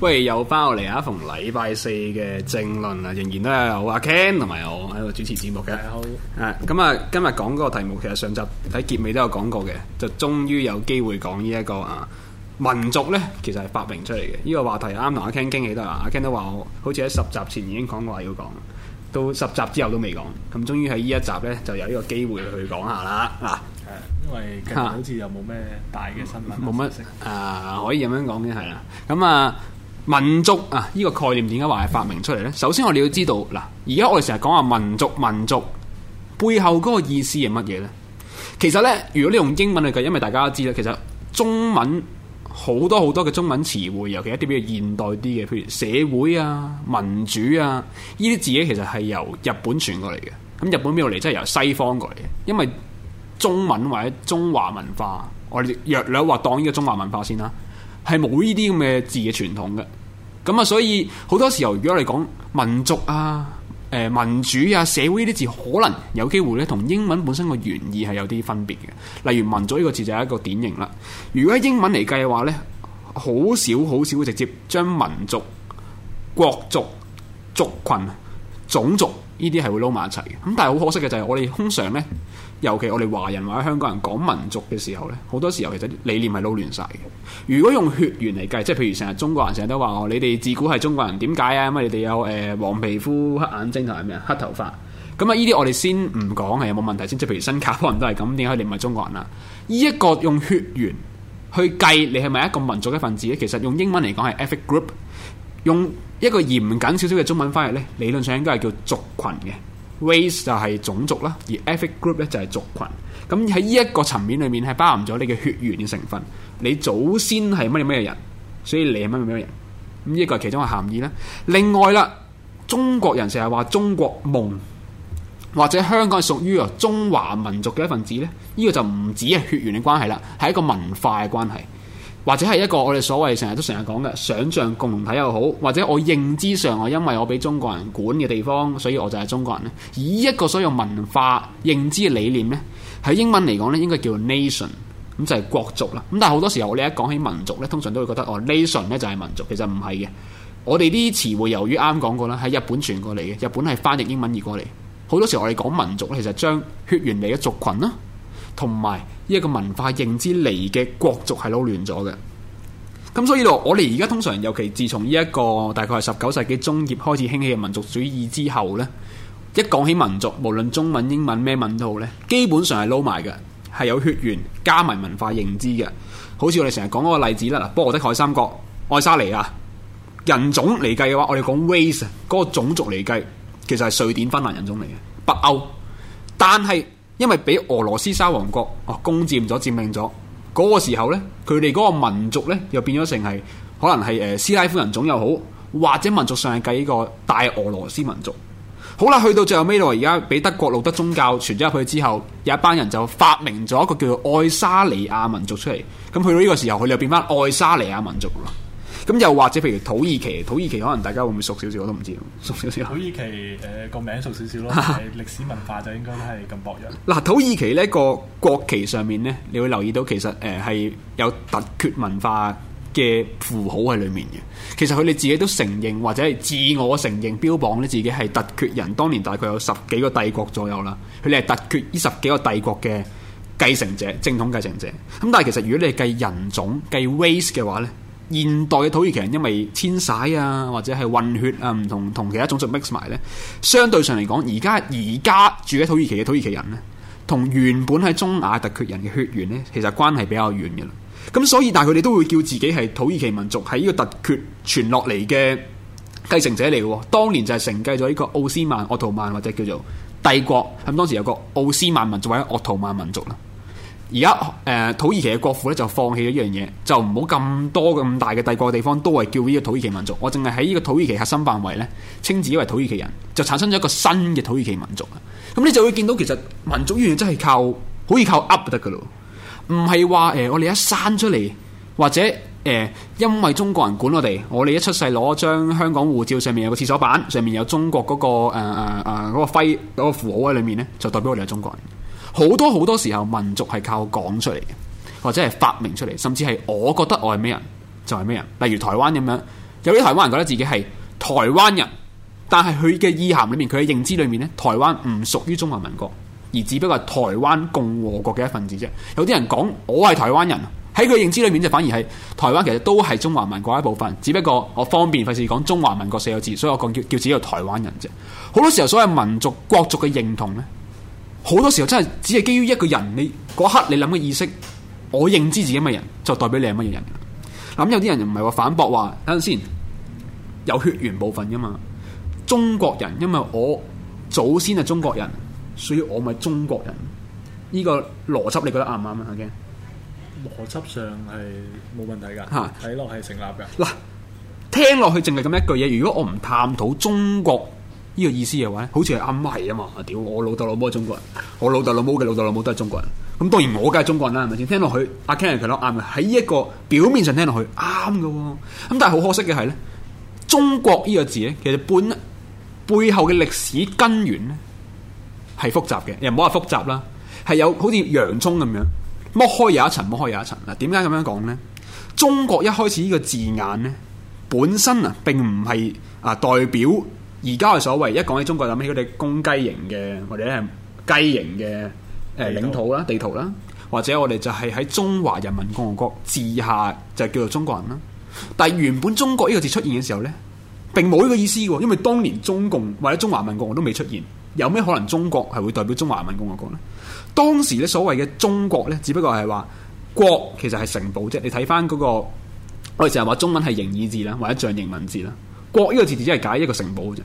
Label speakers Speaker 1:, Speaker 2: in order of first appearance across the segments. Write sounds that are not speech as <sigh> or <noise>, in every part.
Speaker 1: 不喂，又翻落嚟阿逢禮拜四嘅政論啊，仍然都有阿 Ken 同埋我喺度主持節目嘅。好啊後，咁啊，今日講嗰個題目，其實上集喺結尾都有講過嘅，就終於有機會講呢一個啊民族咧，其實係發明出嚟嘅。呢、這個話題啱同阿 Ken 傾起得。啊，阿 Ken 都話我好似喺十集前已經講過話要講，到十集之後都未講，咁終於喺呢一集咧就有呢個機會去講下啦。啊，因
Speaker 2: 為近排好
Speaker 1: 似又冇咩大嘅新聞，冇乜啊，可以咁樣講嘅係啦。咁、嗯、啊～、嗯嗯嗯民族啊，呢個概念點解話係發明出嚟呢？嗯、首先我哋要知道嗱，而家我哋成日講話民族，民族背後嗰個意思係乜嘢呢？其實呢，如果你用英文嚟計，因為大家都知啦，其實中文好多好多嘅中文詞彙，尤其一啲比較現代啲嘅，譬如社會啊、民主啊，呢啲字呢，其實係由日本傳過嚟嘅。咁日本邊度嚟？即係由西方過嚟嘅，因為中文或者中華文化，我哋略略話當呢個中華文化先啦。係冇呢啲咁嘅字嘅傳統嘅，咁啊，所以好多時候，如果我哋講民族啊、誒、呃、民主啊、社會呢啲字，可能有機會咧，同英文本身個原意係有啲分別嘅。例如民族呢個字就係一個典型啦。如果喺英文嚟計嘅話咧，好少好少會直接將民族、國族、族群，種族呢啲係會撈埋一齊嘅，咁但係好可惜嘅就係我哋通常呢，尤其我哋華人或者香港人講民族嘅時候呢，好多時候其實理念係撈亂晒嘅。如果用血緣嚟計，即係譬如成日中國人成日都話哦，你哋自古係中國人，點解啊？因為你哋有誒、呃、黃皮膚、黑眼睛同埋咩啊黑頭髮。咁、嗯、啊，呢啲我哋先唔講係有冇問題先。即係譬如新加坡人都係咁，點解你唔係中國人啊？呢、這、一個用血緣去計你係咪一個民族嘅分子咧？其實用英文嚟講係 ethnic group。用一個嚴謹少少嘅中文翻譯咧，理論上應該係叫族群嘅，race 就係種族啦，而 ethnic group 咧就係族群。咁喺呢一個層面裏面係包含咗你嘅血緣嘅成分，你祖先係乜嘢乜嘢人，所以你係乜嘢乜嘢人。咁呢個係其中嘅含義啦。另外啦，中國人成日話中國夢，或者香港屬於啊中華民族嘅一份子咧，呢個就唔止係血緣嘅關係啦，係一個文化嘅關係。或者係一個我哋所謂成日都成日講嘅想像共同體又好，或者我認知上啊，因為我俾中國人管嘅地方，所以我就係中國人咧。以一個所有文化認知嘅理念咧，喺英文嚟講咧，應該叫 nation，咁就係國族啦。咁但係好多時候我哋一講起民族咧，通常都會覺得哦，nation 呢就係民族，其實唔係嘅。我哋啲詞彙由於啱講過啦，喺日本傳過嚟嘅，日本係翻譯英文而過嚟。好多時候我哋講民族咧，其實將血緣嚟嘅族群啦。同埋呢一個文化認知嚟嘅國族係撈亂咗嘅，咁所以度我哋而家通常，尤其自從呢一個大概係十九世紀中葉開始興起嘅民族主義之後呢，一講起民族，無論中文、英文咩文都好咧，基本上係撈埋嘅，係有血緣加埋文化認知嘅。好似我哋成日講嗰個例子啦，啊，波羅的海三國、愛沙尼亞人種嚟計嘅話，我哋講 race 嗰個種族嚟計，其實係瑞典芬蘭人種嚟嘅北歐，但係。因為俾俄羅斯沙皇國哦、啊、攻占咗、佔領咗嗰個時候呢，佢哋嗰個民族呢又變咗成係可能係誒、呃、斯拉夫人種又好，或者民族上係計呢個大俄羅斯民族。好啦，去到最後尾度，而家俾德國路德宗教傳咗入去之後，有一班人就發明咗一個叫做愛沙尼亞民族出嚟。咁去到呢個時候，佢哋又變翻愛沙尼亞民族。咁又或者，譬如土耳其，土耳其可能大家會唔會熟少少？我都唔知，熟少少。土
Speaker 2: 耳其誒個、呃、名熟少少咯，歷 <laughs> 史文化就應該都係咁薄弱。
Speaker 1: 嗱， <laughs> 土耳其呢個國旗上面呢，你會留意到其實誒係、呃、有突厥文化嘅符號喺裏面嘅。其實佢哋自己都承認或者係自我承認標榜咧自己係突厥人。當年大概有十幾個帝國左右啦，佢哋係突厥呢十幾個帝國嘅繼承者、正統繼承者。咁但係其實如果你係計人種計 race 嘅話呢。現代嘅土耳其人因為遷徙啊，或者係混血啊，唔同同其他種族 mix 埋呢，相對上嚟講，而家而家住喺土耳其嘅土耳其人呢，同原本喺中亞突厥人嘅血緣呢，其實關係比較遠嘅啦。咁所以，但係佢哋都會叫自己係土耳其民族，係呢個突厥傳落嚟嘅繼承者嚟嘅。當年就係承繼咗呢個奧斯曼、鄂圖曼或者叫做帝國，咁當時有個奧斯曼民族或者鄂圖曼民族啦。而家，誒，土耳其嘅國父咧，就放棄咗一樣嘢，就唔好咁多嘅咁大嘅帝國地方都係叫呢個土耳其民族，我淨係喺呢個土耳其核心範圍咧，稱自己為土耳其人，就產生咗一個新嘅土耳其民族。咁你就會見到其實民族語言真係靠，好靠就可以靠 up 得㗎咯，唔係話誒我哋一生出嚟或者誒、呃、因為中國人管我哋，我哋一出世攞張香港護照上面有個廁所板上面有中國嗰、那個誒誒誒嗰個徽嗰、那個、符號喺裏面咧，就代表我哋係中國人。好多好多時候，民族係靠講出嚟嘅，或者係發明出嚟，甚至係我覺得我係咩人就係咩人。例如台灣咁樣，有啲台灣人覺得自己係台灣人，但係佢嘅意涵裏面，佢嘅認知裏面咧，台灣唔屬於中華民國，而只不過係台灣共和國嘅一份子啫。有啲人講我係台灣人，喺佢認知裏面就反而係台灣其實都係中華民國一部分，只不過我方便費事講中華民國四個字，所以我講叫叫自己係台灣人啫。好多時候所謂民族國族嘅認同咧。好多時候真係只係基於一個人，你嗰刻你諗嘅意識，我認知自己係乜人，就代表你係乜嘢人。咁、嗯、有啲人唔係話反駁話，等先有血緣部分噶嘛？中國人，因為我祖先係中國人，所以我咪中國人。呢、這個邏輯你覺得啱唔啱啊？邏輯
Speaker 2: 上係冇問題噶，睇落係成立噶。
Speaker 1: 嗱，聽落去淨係咁一句嘢。如果我唔探討中國。呢個意思嘅話，好似係啱係啊嘛！啊屌，我老豆老母係中國人，我老豆老母嘅老豆老母都係中國人，咁、嗯、當然我梗係中國人啦，係咪先？聽落去阿 Ken 佢講啱，喺呢一個表面上聽落去啱嘅喎，咁、嗯嗯、但係好可惜嘅係咧，中國呢個字咧，其實本背後嘅歷史根源咧係複雜嘅，又唔好話複雜啦，係有好似洋葱咁樣剝開有一層，剝開有一層。嗱、啊，點解咁樣講咧？中國一開始呢個字眼咧，本身並啊並唔係啊代表。而家係所謂一講起中國，諗起佢哋公雞型嘅或者係雞型嘅誒領土啦、地圖啦，或者我哋就係喺中華人民共和國治下就係叫做中國人啦。但係原本中國呢個字出現嘅時候呢，並冇呢個意思喎。因為當年中共或者中華民國我都未出現，有咩可能中國係會代表中華人民共和國呢？當時呢，所謂嘅中國呢，只不過係話國其實係城堡啫。你睇翻嗰個我哋成日話中文係形義字啦，或者象形文字啦。國呢個字字只係解一個城堡嘅啫，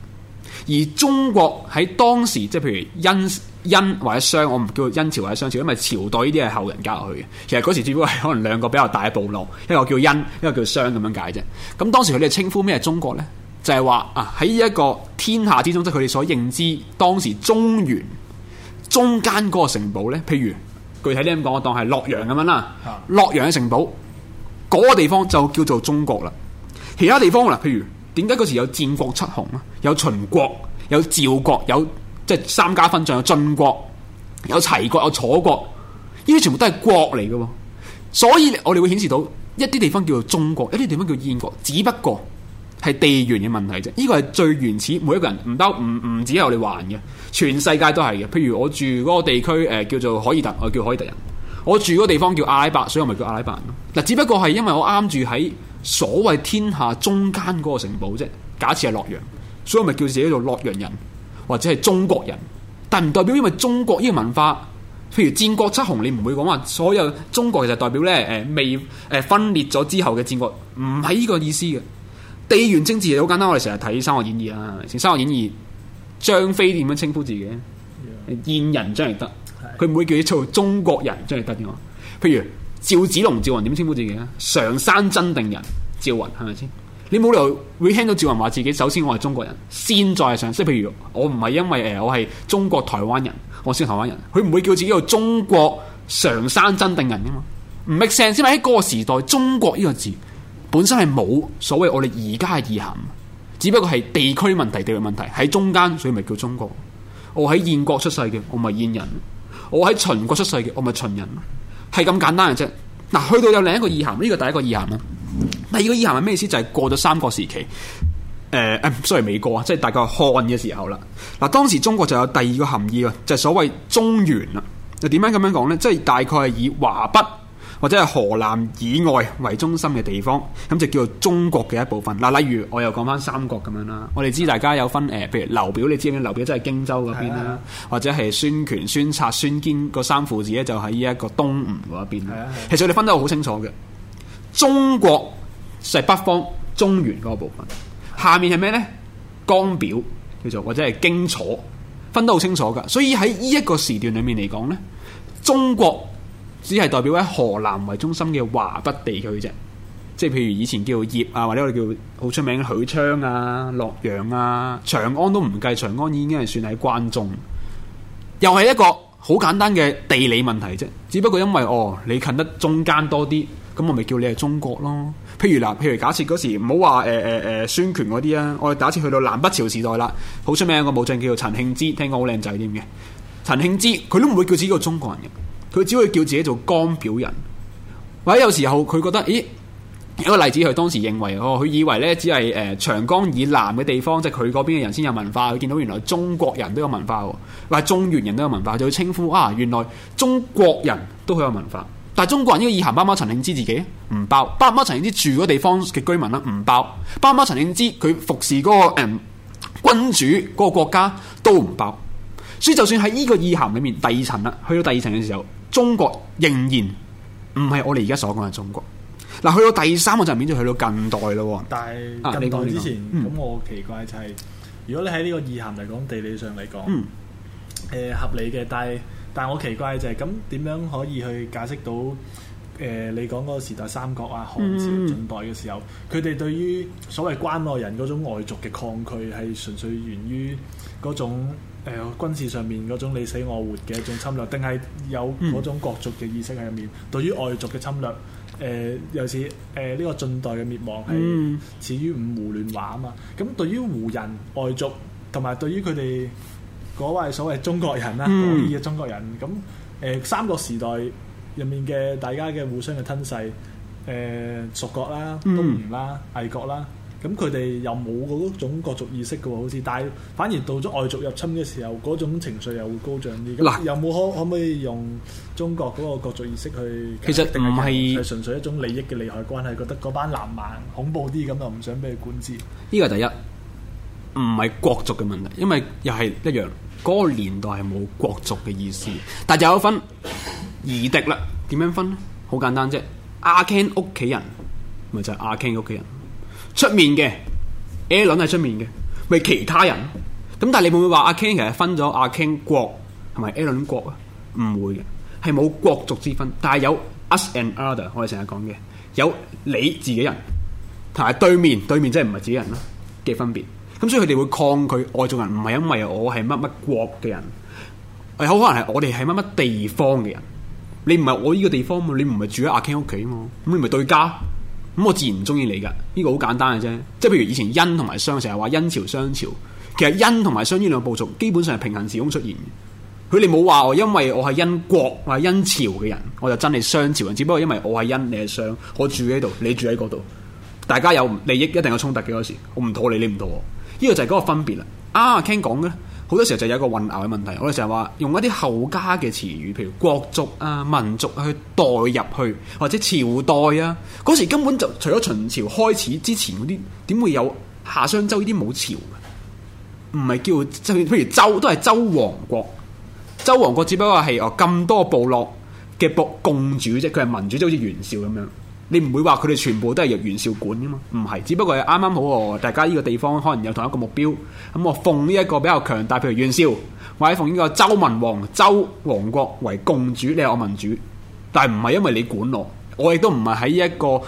Speaker 1: 而中國喺當時即係譬如殷殷或者商，我唔叫殷朝或者商朝，因為朝代呢啲係後人加落去嘅。其實嗰時只不過係可能兩個比較大嘅部落，一個叫殷，一個叫商咁樣解啫。咁、嗯、當時佢哋稱呼咩係中國呢？就係、是、話啊喺一個天下之中，即係佢哋所認知當時中原中間嗰個城堡呢。譬如具體啲咁講，我當係洛陽咁樣啦，啊、洛陽嘅城堡嗰、嗰個地方就叫做中國啦。其他地方啦，譬如。點解嗰時有戰國七雄啊？有秦國，有趙國，有即係三家分晉，有晉國，有齊國，有楚國，呢啲全部都係國嚟嘅。所以我哋會顯示到一啲地方叫做中國，一啲地方叫燕國，只不過係地緣嘅問題啫。呢個係最原始，每一個人唔得，唔唔只係我哋話嘅，全世界都係嘅。譬如我住嗰個地區，誒、呃、叫做凱爾特，我叫凱爾特人；我住嗰個地方叫阿拉伯，所以我咪叫阿拉伯人咯。嗱，只不過係因為我啱住喺。所謂天下中間嗰個城堡啫，假設係洛陽，所以咪叫自己做洛陽人或者係中國人，但唔代表因為中國呢個文化，譬如戰國七雄，你唔會講話所有中國其實代表咧誒未誒分裂咗之後嘅戰國，唔係呢個意思嘅。地緣政治好簡單，我哋成日睇《三國演義》啊，《三國演義》，張飛點樣稱呼自己？燕人張翼德，佢唔會叫你做中國人張翼德嘅。譬如。趙子龍、趙雲點稱呼自己咧？常山真定人趙雲係咪先？你冇理由會聽到趙雲話自己，首先我係中國人，先在上。即係譬如我唔係因為誒、呃、我係中國台灣人，我先台灣人。佢唔會叫自己叫中國常山真定人噶嘛？唔係成先嘛？喺個時代，中國呢個字本身係冇所謂，我哋而家嘅意涵，只不過係地區問題、地域問題喺中間，所以咪叫中國。我喺燕國出世嘅，我唔係燕人；我喺秦國出世嘅，我唔係秦人。係咁簡單嘅啫，嗱，去到有另一個意涵，呢個第一個意涵啦。第二個意涵係咩意思？就係、是、過咗三國時期，誒、呃，雖、哎、美國啊，即、就、係、是、大概漢嘅時候啦。嗱，當時中國就有第二個含義啊，就係、是、所謂中原啊。又點樣咁樣講咧？即、就、係、是、大概係以華北或者係河南以外為中心嘅地方，咁就叫做中國嘅一部分。嗱，例如我又講翻三國咁樣啦，我哋知大家有分誒、呃，譬如劉表，你知唔知劉表即係荊州嗰邊啦，啊、或者係孫權、孫策、孫堅個三父子咧，就喺呢一個東吳嗰一邊。其實我哋分得好清楚嘅，中國就係北方中原嗰個部分，下面係咩呢？江表叫做或者係荊楚，分得好清楚噶。所以喺呢一個時段裏面嚟講呢，中國。只係代表喺河南為中心嘅華北地區啫，即係譬如以前叫鄴啊，或者我哋叫好出名嘅許昌啊、洛陽啊、長安都唔計，長安已經係算喺關中，又係一個好簡單嘅地理問題啫。只不過因為哦，你近得中間多啲，咁我咪叫你係中國咯。譬如嗱，譬如假設嗰時唔好話誒誒誒，孫、呃呃、權嗰啲啊，我哋第一次去到南北朝時代啦，好出名一個武將叫做陳慶之，聽講好靚仔啲嘅，陳慶之佢都唔會叫自己個中國人嘅。佢只會叫自己做江表人，或者有時候佢覺得，咦？一個例子佢當時認為，哦，佢以為呢只係誒、呃、長江以南嘅地方，即係佢嗰邊嘅人先有文化。佢見到原來中國人都有文化，嗱，中原人都有文化，就會稱呼啊，原來中國人都好有文化。但係中國人呢個意涵，包唔包陳慶之自己？唔包。包唔包陳慶之住嗰地方嘅居民咧？唔包。包唔包陳慶之佢服侍嗰、那個嗯、呃、君主嗰個國家都唔包。所以就算喺呢個意涵裡面第二層啦，去到第二層嘅時候。中國仍然唔係我哋而家所講嘅中國。嗱，去到第三個陣綫就去到近代咯。但係近代之前，咁、啊、
Speaker 2: 我奇怪就係，嗯、如果你喺呢個意涵嚟講，地理上嚟講，誒、嗯呃、合理嘅。但係，但我奇怪就係，咁點樣可以去解釋到誒、呃、你講嗰個時代三國啊、漢朝、近代嘅時候，佢哋、嗯、對於所謂關外人嗰種外族嘅抗拒係純粹源於嗰種？誒、呃、軍事上面嗰種你死我活嘅一種侵略，定係有嗰種國族嘅意識喺入面。嗯、對於外族嘅侵略，誒尤其誒呢個晉代嘅滅亡係始於五胡亂華啊嘛。咁對於胡人外族，同埋對於佢哋嗰位所謂中國人啦，講嘢嘅中國人，咁誒、呃、三國時代入面嘅大家嘅互相嘅吞噬，誒、呃、蜀國啦、東吳、嗯、啦、魏國啦。咁佢哋又冇嗰種國族意識嘅喎，好似，但係反而到咗外族入侵嘅時候，嗰種情緒又會高漲啲。嗱嘩，有冇可可唔可以用中國嗰個國族意識去？其實唔係，係純粹一種利益嘅利害關係，覺得嗰班南蠻恐怖啲，咁就唔想俾佢管治。
Speaker 1: 呢個第一，唔係國族嘅問題，因為又係一樣，嗰、嗰個年代係冇國族嘅意思，是是但係就有分夷狄啦。點樣分呢？好簡單啫，阿 Ken 屋企人咪就係阿 Ken 屋企人。出面嘅 Allen 喺出面嘅，咪其他人。咁但係你會唔會話阿 Ken 其實分咗阿 Ken 國同埋 Allen 國啊？唔會嘅，係冇國族之分，但係有 us and other 我哋成日講嘅，有你自己人同埋對面，對面真係唔係自己人咯嘅分別。咁所以佢哋會抗拒外族人，唔係因為我係乜乜國嘅人，係好可能係我哋係乜乜地方嘅人。你唔係我呢個地方嘛？你唔係住喺阿 Ken 屋企嘛？咁你咪對家。咁我自然唔中意你噶，呢個好簡單嘅啫。即係譬如以前殷同埋商成日話殷朝、商朝，其實殷同埋商呢兩個部族基本上係平行時空出現。佢哋冇話我，因為我係殷國或殷朝嘅人，我就真係商朝人。只不過因為我係殷，你係商，我住喺度，你住喺嗰度，大家有利益一定有衝突嘅嗰時，我唔妥你，你唔妥我。呢個就係嗰個分別啦。啊，Ken 講嘅。好多時候就有一個混淆嘅問題，我哋成日話用一啲後加嘅詞語，譬如國族啊、民族去代入去，或者朝代啊。嗰時根本就除咗秦朝開始之前嗰啲，點會有夏商周呢啲冇朝嘅？唔係叫譬如周都係周王國，周王國只不過係哦咁多部落嘅部共主啫，佢係民主，即好似袁紹咁樣。你唔會話佢哋全部都係由袁紹管噶嘛？唔係，只不過係啱啱好，大家呢個地方可能有同一個目標，咁我奉呢一個比較強大，譬如袁紹，或者奉呢個周文王、周王國為共主，你係我民主，但係唔係因為你管我，我亦都唔係喺一個誒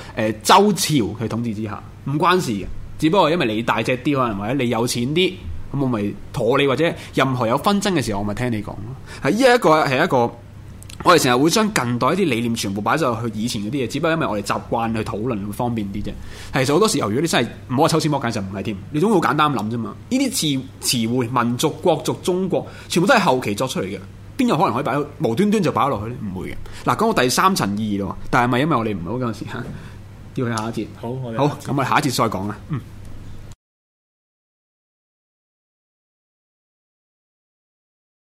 Speaker 1: 周朝嘅統治之下，唔關事嘅。只不過因為你大隻啲，可能或者你有錢啲，咁我咪妥你，或者任何有紛爭嘅時候，我咪聽你講咯。係呢一個係一個。我哋成日會將近代一啲理念全部擺咗去以前嗰啲嘢，只不過因為我哋習慣去討論會方便啲啫。其實好多時候，如果你真係唔好抽絲剝繭，就唔係添。你總會好簡單咁諗啫嘛。呢啲詞詞彙、民族、國族、中國，全部都係後期作出嚟嘅。邊有可能可以擺無端端就擺落去咧？唔會嘅。嗱，講到第三層意義咯。但係咪因為我哋唔好嗰段時間要去下一節？
Speaker 2: 好，我哋好咁咪下一節再講啦。嗯。